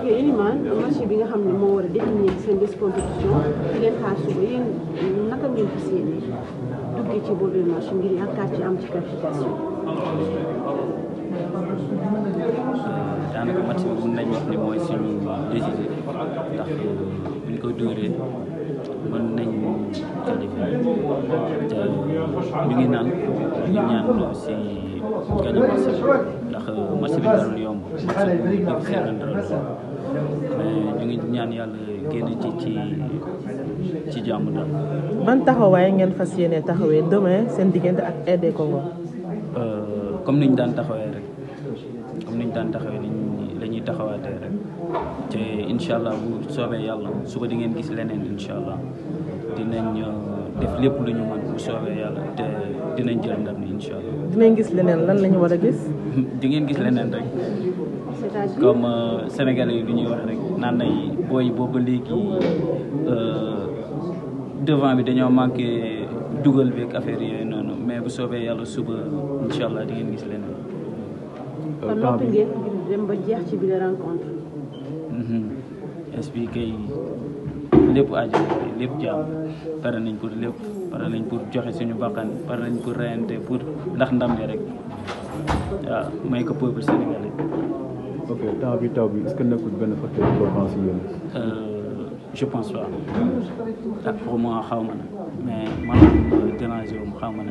ok Elimane marché bi nga xam ne moo war a définir seen bés compétition di leen xaar suba yéen naka ngeen fas yéene duggee ci boobee marché ngir yaakaar ci am ci qualification. daanaka match bi mun nañu wax ne mooy suñu décider ndax buñ ko dóoree mën nañ te ñu ngi naan ñaan yomb ñaan yàlla génn ci ci ci jàmm daal. ban taxawaay ngeen fas yéene taxawee demain seen diggante ak RD Congo. Euh, comme ni ñu daan taxawee rek comme ni ñu daan taxawee ni dañuy taxawate rek té inshallah bu bu yalla su ko di ngeen gis leneen inshallah dinañ euh, def lepp lu ñu mën bu soobee yalla té dinañ jël ndam ni inshallah dinañ gis leneen lan lañu wara gis. di ngeen gis leneen rek comme euh, sénégalais yi duñuy wax rek nan nay boy booy légui euh devant bi dañoo manqué dugal bi ak affaire yoy noonu mais bu soobee yalla suba inshallah di ngeen gis leneen. kon euh, noppi ba jeex ci biir rencontre. Mhm. lépp aju lépp jàmm pare nañ pour lépp pare nañ pour joxe suñu baqan pare nañ pour reyante pour ndax ndam li rek waaw may ko peuple sénégalais. ok temps bi taw bi est-ce que nekkul benn facteur bloquant si yéen. Euh, je pense pas ah pour xaw ma na mais man déranger wu ma xaw ma na